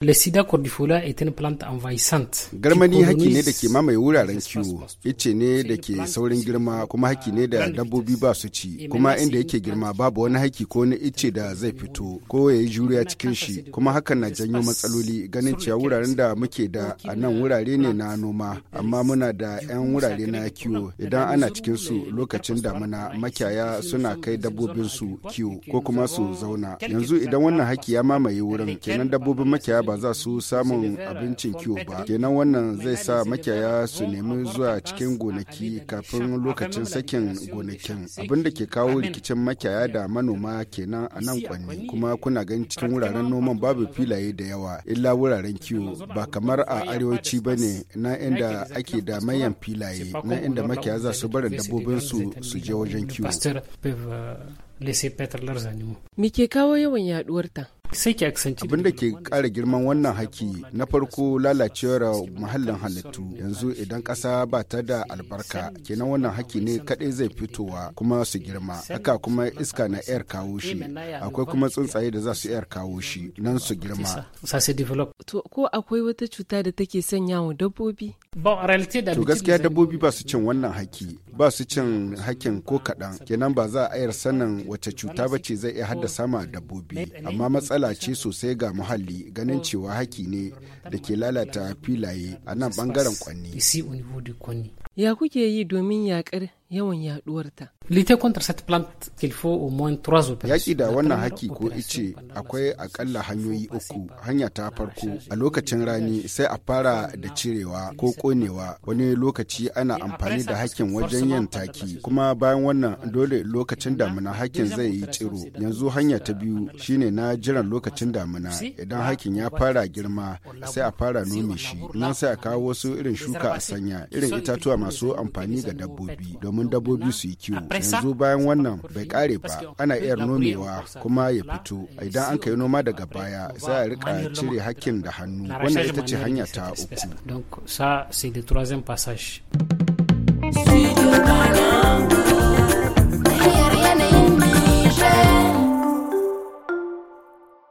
Le sida cordiflora est une plante envahissante. Garmani haki ne da ke mamaye wuraren kiwo, ice ne da ke saurin girma kuma haki ne da dabbobi ba su ci, eh, kuma inda yake girma babu wani haki ko wani ice da zai fito ko ya yi juriya cikin shi, kuma hakan na janyo matsaloli ganin cewa wuraren da muke da a nan wurare ne na noma, amma muna da 'yan wurare na kiwo idan ana cikin su lokacin damina makiyaya suna kai dabbobin su kiwo ko kuma su zauna. Yanzu idan wannan haki ya mamaye wurin kenan dabbobin makiyaya ba za su samun abincin kiwo ba kenan wannan zai sa makiyaya su nemi zuwa cikin gonaki kafin lokacin sakin gonakin abin da ke kawo rikicin makiyaya da manoma kenan a nan kwanni kuma kuna ganin cikin wuraren noman babu filaye da yawa illa wuraren kiwo ba kamar a arewaci ba ne na inda ake da manyan filaye na inda makiyaya za su barin dabbobin su su je wajen kiwo. Me ke kawo yawan yaduwar ta? sai ki aksanci abin da ke kara girman wannan haki na farko lalacewar muhallin halittu yanzu idan ƙasa ba ta da albarka kenan wannan haki ne kaɗai zai fitowa kuma su girma haka kuma iska na air kawo shi akwai kuma tsuntsaye da za su air kawo shi nan su girma to ko akwai wata cuta da take sanya wa dabbobi to gaskiya dabbobi ba su cin wannan haki ba su cin hakkin ko kaɗan kenan ba za a ayar sanin wace cuta ba ce zai iya haddasa ma dabbobi amma matsala ce sosai ga muhalli ganin cewa haki ne da ke lalata filaye a nan bangaren kwanni. Ya kuke yi domin yakar yawan yaduwarta. Lite set plant kilfo Yaki da wannan haki ko ice akwai akalla hanyoyi uku. Hanya ta farko a lokacin rani sai a fara da cirewa ko ƙonewa wani lokaci ana amfani da hakin wajen yin taki kuma bayan wannan dole lokacin damina hakin zai yi tsiro Yanzu hanya ta biyu shine na jiran lokacin damina idan hakin ya fara girma sai a fara nome shi nan sai a kawo wasu irin shuka a sanya irin itatuwa masu amfani ga dabbobi domin domin dabobi su yi kiwo yanzu bayan wannan bai kare ba ana iya nomewa kuma ya fito idan an kai noma daga baya za a rika cire hakkin da hannu wannan ita ce hanya ta uku.